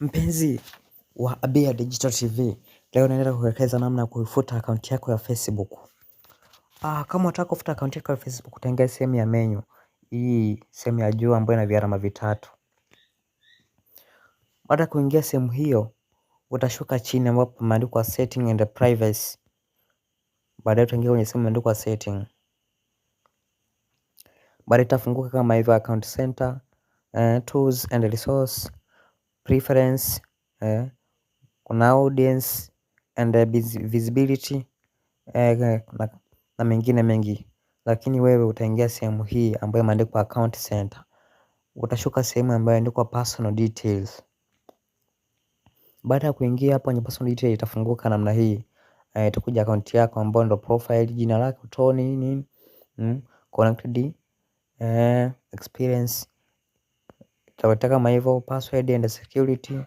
Mpenzi wa Abia Digital TV, leo naenda kuelekeza namna ya kuifuta akaunti yako ya Facebook. Ah, kama unataka kufuta akaunti yako ya Facebook utaingia sehemu ya menu. Hii sehemu ya juu ambayo ina viarama vitatu. Baada kuingia sehemu hiyo, utashuka chini ambapo pameandikwa setting and privacy. Baadaye utaingia kwenye sehemu imeandikwa setting. Baadaye itafunguka kama hivyo account center, uh, tools and resource preference, eh, kuna audience and uh, visibility eh, na na mengine mengi. Lakini wewe utaingia sehemu hii ambayo imeandikwa account center. Utashuka sehemu ambayo imeandikwa personal details. Baada ya kuingia hapo kwenye personal details itafunguka namna hii. eh, Itakuja account yako ambayo ndio profile, jina lako, toni, nini, mm, connected, eh, experience Utataka kama hivyo password and security.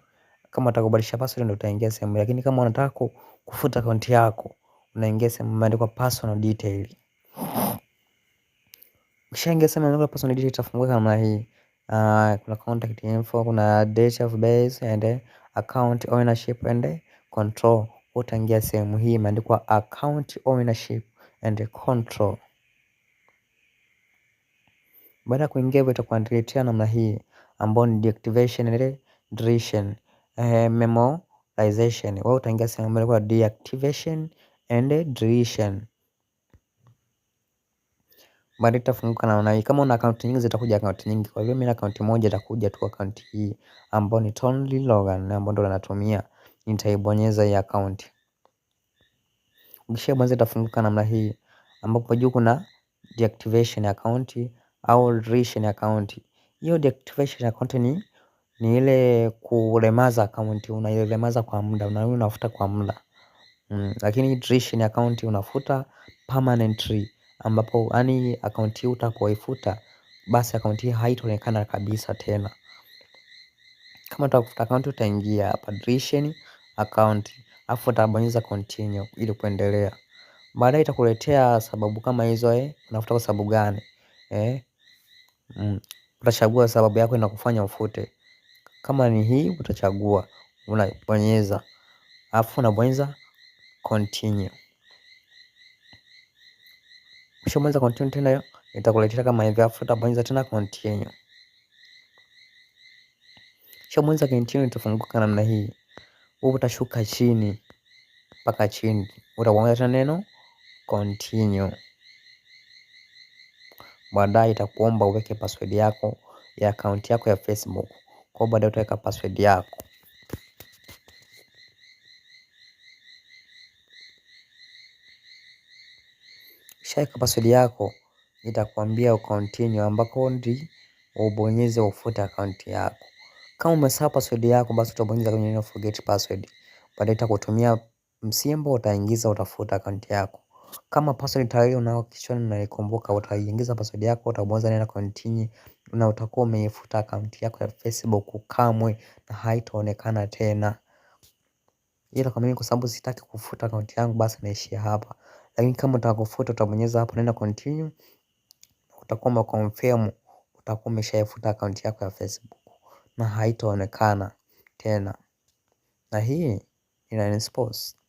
Kama utakubadilisha password ndio utaingia sehemu, lakini kama unataka kufuta account yako unaingia sehemu imeandikwa personal detail. Ukishaingia sehemu imeandikwa personal detail itafunguka kama hii. Uh, kuna contact info, kuna date of birth and account ownership and control. Utaingia sehemu hii imeandikwa account ownership and control. Baada ya kuingia hivyo itakuandikia namna hii ambao ni deactivation, ile deletion, eh, memorization. Wewe utaingia sehemu ambayo kwa deactivation and deletion. Baada itafunguka na unayo. Kama una account nyingi zitakuja account nyingi. Kwa hivyo mimi na account moja itakuja tu account hii ambayo ni Tonly Logan na ambayo ndo natumia. Nitaibonyeza hii akaunti. Ukishabonyeza itafunguka namna hii ambapo juu kuna deactivation account au deletion account. Hiyo deactivation account ni ni ile kulemaza account, unailemaza kwa muda, na unafuta kwa muda. Mm, lakini deletion account unafuta permanently ambapo yani account hii utakoifuta basi account hii haitoonekana kabisa tena. Kama utakufuta account utaingia hapa deletion account, afu utabonyeza continue ili kuendelea. Baadaye itakuletea sababu kama hizo eh, unafuta kwa sababu gani? Eh. Mm utachagua sababu yako inakufanya ufute. Kama ni hii utachagua, unabonyeza alafu unabonyeza continue. Ukishabonyeza continue tena itakuletea kama hivi, alafu utabonyeza tena continue. Ukishabonyeza continue itafunguka namna hii, huko utashuka chini mpaka chini, utabonyeza tena neno continue baadaye itakuomba uweke password yako ya akaunti yako ya Facebook. Kwa baadaye utaweka password yako. Shaika password yako, itakwambia ucontinue, ambako ndi ubonyeze ufute akaunti yako. Kama umesahau password yako, basi utabonyeza kwenye forget password, baadaye itakutumia msimbo, utaingiza, utafuta akaunti yako. Kama password tayari unayo kichwani unaikumbuka utaiingiza password yako utabonyeza neno continue na utakuwa umeifuta akaunti yako ya Facebook kamwe na haitaonekana tena. Ila kwa mimi kwa sababu sitaki kufuta akaunti yangu basi naishia hapa. Lakini kama unataka kufuta utabonyeza hapo neno continue utakuwa umeconfirm utakuwa umeshaifuta akaunti yako ya Facebook na haitaonekana tena. Na hii ina inanispose.